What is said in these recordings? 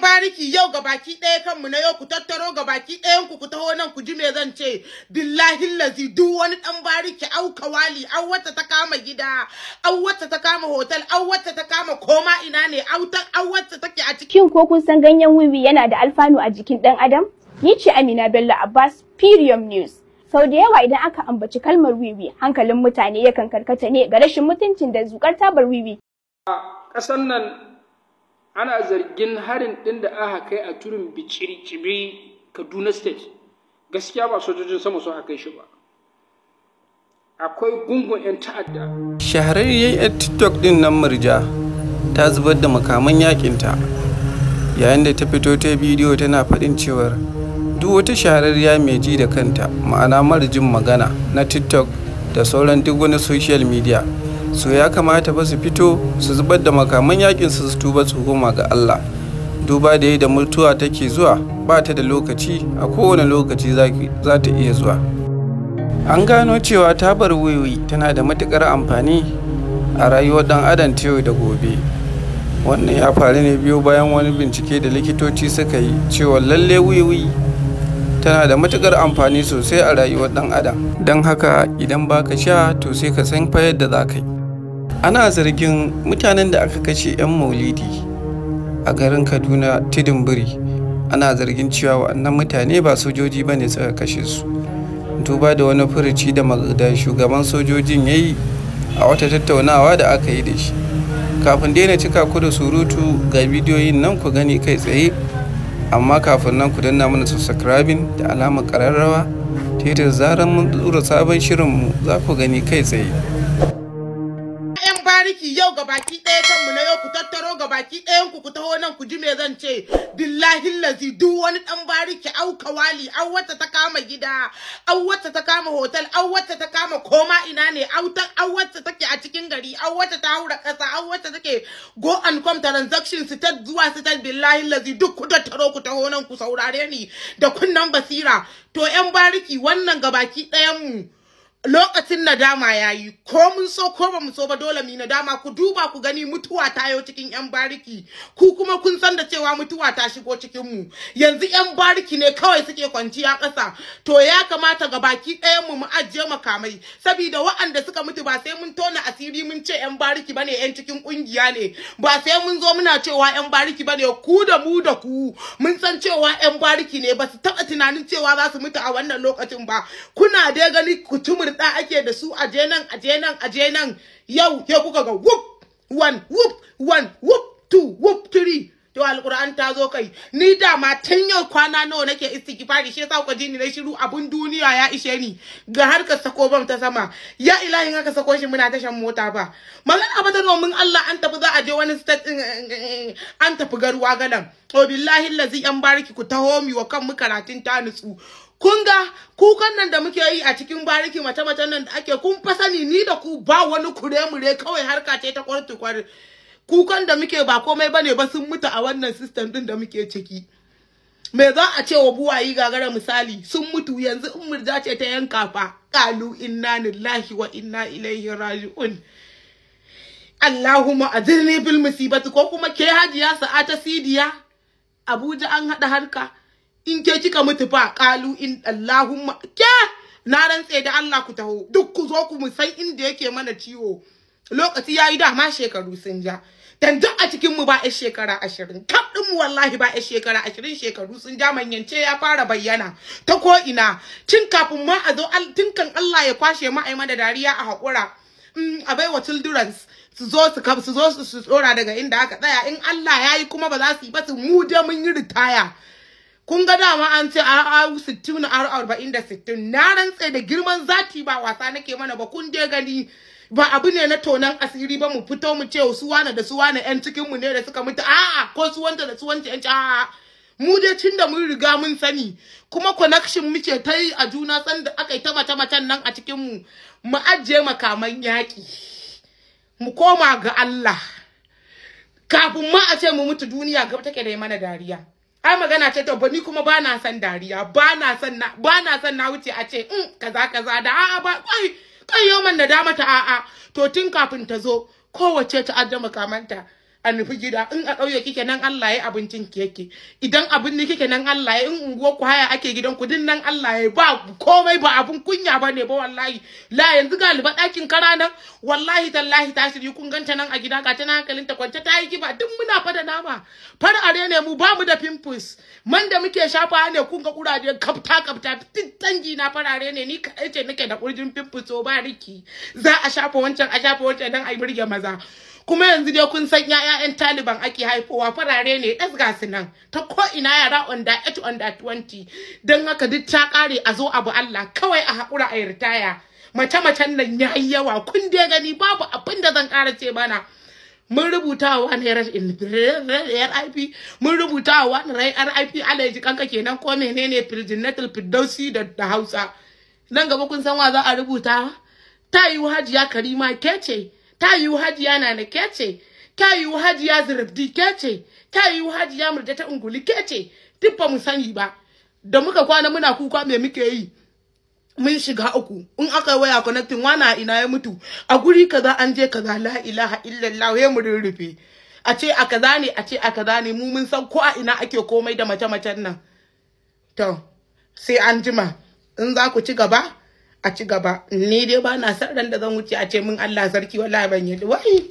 bariki yau baki ɗaya kanmu na yau ku tattaro gabaki ɗayan ku ku taho nan ku ji me zan ce billahi lazi duk wani ɗan bariki au kawali au wata ta kama gida au wata ta kama hotel au wata ta kama koma ina ne au ta au wata take a cikin ko kun san ganyen wiwi yana da alfanu a jikin ɗan adam ni ce Amina Bello Abbas Premium News sau da yawa idan aka ambaci kalmar wiwi hankalin mutane yakan karkata ne ga rashin mutuncin da zukar tabar wiwi a nan ana zargin harin ɗin da aka kai a turin biciri cibiri kaduna state gaskiya ba sojojin sama sun haka shi ba akwai gungun 'yan ta'adda shahararriyar 'yan tiktok ɗin nan murja ta zubar da makaman ta, yayin da ta fito ta bidiyo tana faɗin cewar duk wata shahararriya mai ji da kanta ma'ana marjin magana na tiktok da sauran duk wani social media so ya kamata ba su fito su zubar da makaman yakin su tuba su goma ga Allah duba da yadda mutuwa take zuwa ba ta da lokaci a kowane lokaci za ta iya zuwa an gano cewa tabar wiwi tana da matukar amfani a rayuwar dan adam ta da gobe wannan ya faru ne biyo bayan wani bincike da likitoci suka yi cewa lalle wiwi tana da matukar amfani sosai a rayuwar dan adam don haka idan baka sha to sai ka san fa yadda za ka yi ana zargin mutanen da aka kashe 'yan maulidi a garin kaduna tudun biri ana zargin cewa wa'annan mutane ba sojoji ba ne suka kashe su duba da wani furuci da shugaban sojojin ya yi a wata tattaunawa da aka yi da shi kafin daina cika ku da surutu ga bidiyoyin nan ku gani kai tsaye amma kafin nan ku danna mana subscribing da alamar kararrawa ta yadda zarar mun tsura sabon shirinmu za ku gani kai tsaye aiki yau ga baki ɗaya kanmu na yau ku tattaro ga baki ɗayan ku ku taho nan ku ji me zan ce billahi lazi duk wani dan bariki au kawali au wata ta kama gida au wata ta kama hotel au wata ta kama koma ina ne au ta au wata take a cikin gari au wata ta haura kasa au wata take go and come transaction su ta zuwa su ta billahi lazi duk ku tattaro ku taho nan ku saurare ni da kunnan basira to yan bariki wannan ga baki ɗayan mu lokacin nadama yayi ko mun so ko ba mu so ba dole mu nadama ku duba ku gani mutuwa ta yo cikin yan bariki ku kuma kun san da cewa mutuwa ta shigo cikin mu yanzu yan bariki ne kawai suke kwanciya ƙasa to ya kamata ga baki ɗayan mu mu ajiye makamai saboda waɗanda suka mutu ba sai mun tona asiri mun ce yan bariki bane yan cikin kungiya ne ba sai mun zo muna cewa yan bariki bane ku da mu da ku mun san cewa yan bariki ne ba su taɓa tunanin cewa za su mutu a wannan lokacin ba kuna dai gani ku tumur da ake da su aje nan aje nan aje nan yau ke kuka ga whoop one whoop one whoop two whoop three to alquran ta zo kai ni da ma tun yau kwana nawa nake istighfari shi yasa ku ji ni na shiru abun duniya ya ishe ni ga harkar sako bam ta sama ya ilahi aka sako shi muna tashan mota ba magana ba ta Allah an tafi za a je wani state eh, eh, an tafi garuwa nan to billahi allazi an bariki ku taho mi wa kan mu karatun ta nutsu kun ga kukan nan da muke yi a cikin bariki mace mace nan da ake kun fa sani ni da ku ba wani kure mure kawai harka ce ta kwartu kwari kukan da muke ba komai bane ba sun mutu a wannan system din da muke ciki me za a ce wa buwayi gagara misali sun mutu yanzu in murja ce ta yanka fa qalu inna lillahi wa inna ilaihi raji'un Allahumma ajirni bil musibati ko kuma ke hajiya sa'a ta sidiya Abuja an hada harka in ke kika mutu ba qalu in allahumma ke na rantse da Allah ku taho duk ku zo ku musan inda yake mana ciwo lokaci yayi dama shekaru sun ja dan a cikin mu ba a shekara 20 kaf din mu wallahi ba a shekara 20 shekaru sun ja manyance ya fara bayyana ta ko ina tun kafin ma a zo tinkan Allah ya kwashe mu ai da dariya a hakura mm, a baiwa children su zo su su zo su tsora daga inda aka tsaya in Allah yayi kuma ba za su yi ba su mu da mun yi ritaya kun ga dama an ce a sittin ar arba'in da sittin na rantse da girman zati ba wasa nake mana ba kun je gani ba abu ne na tonan asiri ba mu fito mu ce su wane da su wane yan cikin mu ne da suka mutu a'a ko su wanda da su wanta yan a'a mu dai tun da mun riga mun sani kuma connection ce ta yi a juna sanda aka yi ta mace macen nan a cikin mu mu ajiye makaman yaƙi mu koma ga Allah kafin ma a ce mu mutu duniya gaba take da mana dariya ai magana ce to ni kuma ba na son dariya ba na son na ba na san na wuce a ce in mm, kaza kaza da a'a ba kai kai yoman da dama ta a'a to tun kafin ta zo kowace ta addama kamanta a nufi gida in a ɗauye kike nan Allah ya abincin ki idan abin ne kike nan Allah ya in unguwar ku haya ake gidan ku din nan Allah ya ba komai ba abun kunya ba ne ba wallahi la yanzu galiba ɗakin kara nan wallahi tallahi tasiri shirye kun ganta nan a gida ga ta hankalin ta kwance ta yi kiba duk muna fada nama far are ne mu bamu da pimples man da muke shafa ne kun ga kuraje kafta kafta duk na farare ne ni kaɗai ce nake da kurjin pimples ba riki za a shafa wancan a shafa wancan dan a yi burge maza kuma yanzu dai kun san ƴaƴan Taliban ake haifowa farare ne ɗas ga su nan ta ko ina yara onda 8 onda 20 dan haka duk ta kare a zo abu Allah kawai a haƙura a ritaya mace-macen nan yayi yawa kun dai gani babu abin da zan ƙara ce bana. mun rubuta wa wani RIP mun rubuta wa wani RIP alaji kanka kenan ko menene Filjinatul Firdausi da da Hausa nan gaba kun san wa za a rubuta ta yi hajiya Karima ke ce kayu hajiya na na kece. ce hajiya zirabdi kece ce hajiya murda ta unguli kece. ce duk mu sani ba da muka kwana muna kuka me muke yi mun shiga uku in aka waya connecting wana ina ya mutu a guri kaza an je kaza la ilaha illallah ya mu rurrufe a ce a kaza ne a ce a kaza ne mu mun san ko a ina ake komai da mace-macen nan to sai an jima in za ku ci gaba a ci gaba ni dai ba na san ran da zan wuce a ce min Allah sarki wallahi ban yi wai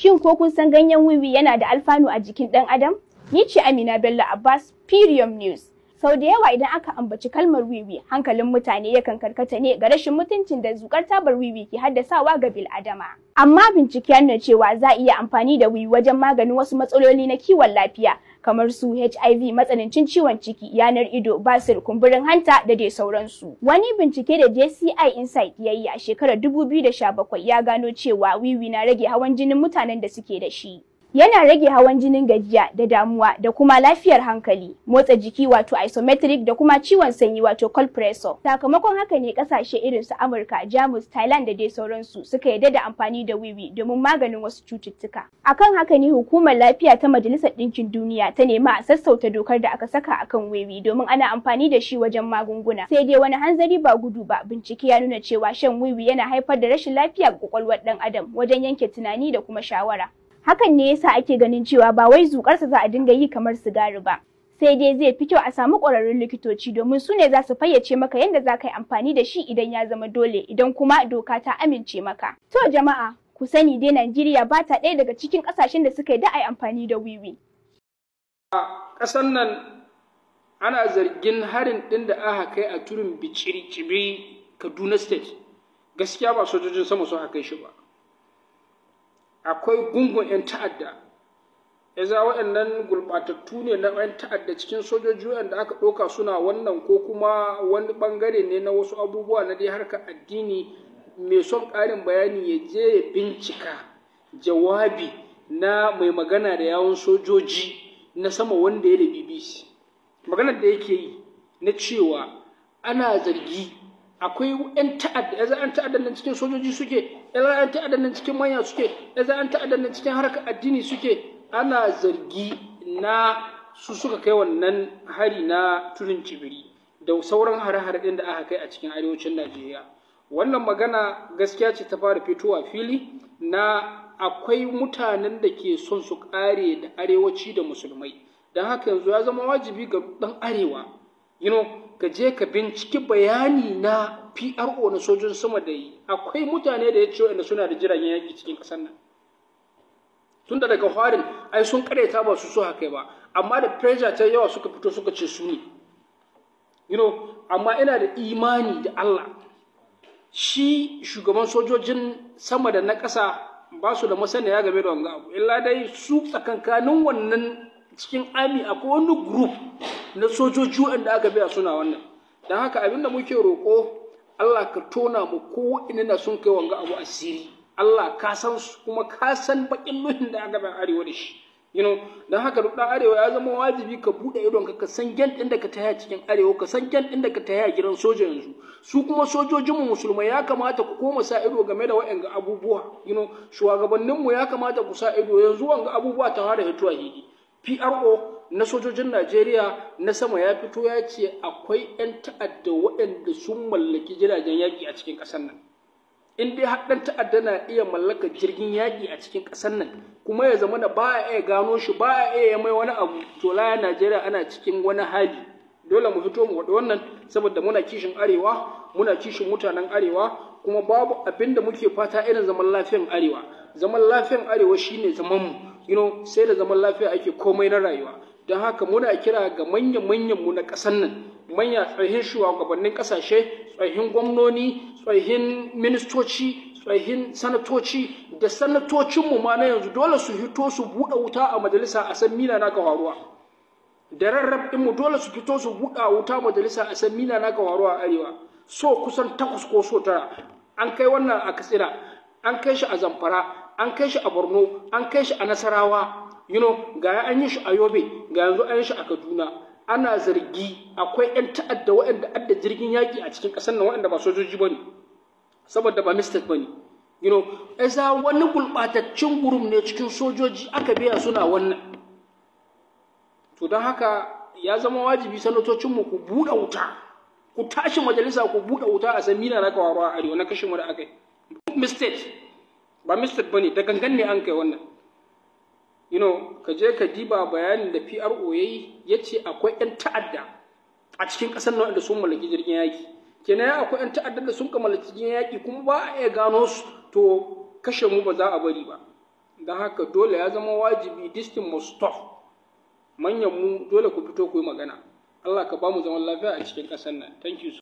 Shin ko kun san ganyen wiwi yana da alfanu a jikin dan Adam? Ni ce Amina Bello Abbas, Perium News. Sau da yawa idan aka ambaci kalmar wiwi hankalin mutane yakan karkata ne ga rashin mutuncin da zukar tabar wiwi ke haddasawa ga bil adama. Amma bincike na cewa za a iya amfani da wiwi wajen maganin wasu matsaloli na kiwon lafiya kamar su HIV matsanancin ciwon ciki, yanar ido, basir, kumburin hanta da dai sauransu. Wani bincike da JCI Insight ya yi a shekarar 2017 ya gano cewa wiwi na rage hawan jinin mutanen da suke da shi. yana rage hawan jinin gajiya da damuwa da kuma lafiyar hankali motsa jiki wato isometric da kuma ciwon sanyi wato cold sakamakon haka ne kasashe irin su amurka jamus thailand da dai sauransu suka yadda da amfani da wiwi domin maganin wasu cututtuka akan haka ne hukumar lafiya ta majalisar ɗinkin duniya ta nema a sassauta dokar da aka saka akan wiwi domin ana amfani da shi wajen magunguna sai dai wani hanzari ba gudu ba bincike ya nuna cewa shan wiwi yana haifar da rashin lafiya ga kwakwalwar ɗan adam wajen yanke tunani da kuma shawara hakan ne yasa ake ganin cewa ba wai zukarsa za a dinga yi kamar sigari ba sai dai zai fi kyau a samu ƙwararrun likitoci domin su ne za su fayyace maka yadda za ka yi amfani da shi idan ya zama dole idan kuma doka ta amince maka. To jama'a ku sani dai Najeriya ba ta ɗaya daga cikin ƙasashen da suka yi da a amfani da wiwi. A ƙasan nan ana zargin harin ɗin da aka kai a turin biciri Kaduna State gaskiya ba sojojin sama su aka kai shi ba. akwai gungun 'yan ta'adda ya za waɗannan gurɓatattu ne na 'yan ta'adda cikin sojoji waɗanda aka ɗauka suna wannan ko kuma wani ɓangare ne na wasu abubuwa na dai harkar addini mai son ƙarin bayani ya je ya bincika jawabi na mai magana da yawon sojoji na sama wanda ya da bbc maganar da yake yi na cewa ana zargi akwai 'yan ta'adda yanzu an ta'addan nan cikin sojoji suke yanzu an ta'addan nan cikin manya suke yanzu an ta'addan nan cikin harkar addini suke ana zargi na su suka kai wannan hari na turin cibiri da sauran hare-hare ɗin da aka kai a cikin arewacin najeriya wannan magana gaskiya ce ta fara fitowa fili na akwai mutanen da ke son su ƙare da arewaci da musulmai don haka yanzu ya zama wajibi ga ɗan arewa you ka je ka binciki bayani na PRO na sojin sama da yi akwai mutane da ya ce wanda suna da jiragen yaƙi cikin ƙasar nan tun da daga harin ai sun karyata ba su so haka ba amma da pressure ta yawa suka fito suka ce su ne you know amma ina da imani da Allah shi shugaban sojojin sama da na ƙasa ba su da masaniya game da wanzu? abu illa dai su tsakankanin wannan cikin ami akwai wani group na sojoji waɗanda aka biya suna wannan don haka abinda muke roƙo Allah ka tona mu ko ina na sun kai wanga abu asiri Allah ka san su kuma ka san bakin nuhin da aka biya arewa da shi you know don haka duk arewa ya zama wajibi ka bude idon ka san gen din da ka taya cikin arewa ka san gen din da ka taya gidan soja yanzu su kuma sojojin mu musulmai ya kamata ku koma sa ido game da wa'anga abubuwa you know shugabannin ya kamata ku sa ido yanzu wanga abubuwa ta fara hituwa hidi PRO na sojojin Najeriya na sama ya fito ya ce akwai 'yan ta'adda waɗanda sun mallaki jiragen yaƙi a cikin ƙasar nan. In dai haɗin ta'adda na iya mallaka jirgin yaƙi a cikin ƙasar nan kuma ya zama da ba a iya gano shi ba a iya mai wani abu to laya Najeriya ana cikin wani hali. Dole mu fito mu waɗa wannan saboda muna kishin arewa, muna kishin mutanen arewa, kuma babu abin da muke fata irin zaman lafiyan arewa. Zaman lafiyan arewa shine zaman mu, you know, sai da zaman lafiya ake komai na rayuwa. don haka muna kira ga manya-manyan mu na ƙasar nan manya tsohin shugabannin ƙasashe tsohin gwamnoni tsohin ministoci tsohin sanatoci da sanatocinmu ma na yanzu dole su hito su buɗe wuta a majalisa a san mina na da rarrab mu dole su fito su buɗe wuta majalisa a san mina na faruwa arewa so kusan takwas ko so tara an kai wannan a katsina an kai shi a zamfara an kai shi a borno an kai shi a nasarawa you know ga an yi shi a yobe ga yanzu an yi shi a kaduna ana zargi akwai 'yan ta'adda waɗanda adda jirgin yaƙi a cikin ƙasar nan waɗanda ba sojoji ba ne saboda ba mistake ba ne you know za wani gulɓataccen gurum ne cikin sojoji aka biya suna wannan to don haka ya zama wajibi sanatocinmu ku buɗe wuta ku tashi majalisa ku buɗe wuta a san mina raka kawarwa a arewa na kashin wani akai mistake ba mistake ba ne da gangan ne an kai wannan you ka je ka diba bayanin da PRO yayi yace akwai yan ta'adda a cikin ƙasar nan da sun mallaki jirgin yaki kenan akwai yan ta'adda da sun mallaki jirgin yaƙi kuma ba a iya gano su to kashe mu ba za a bari ba don haka dole ya zama wajibi distin mustaf manyan mu dole ku fito ku yi magana Allah ka ba mu zaman lafiya a cikin ƙasar nan thank you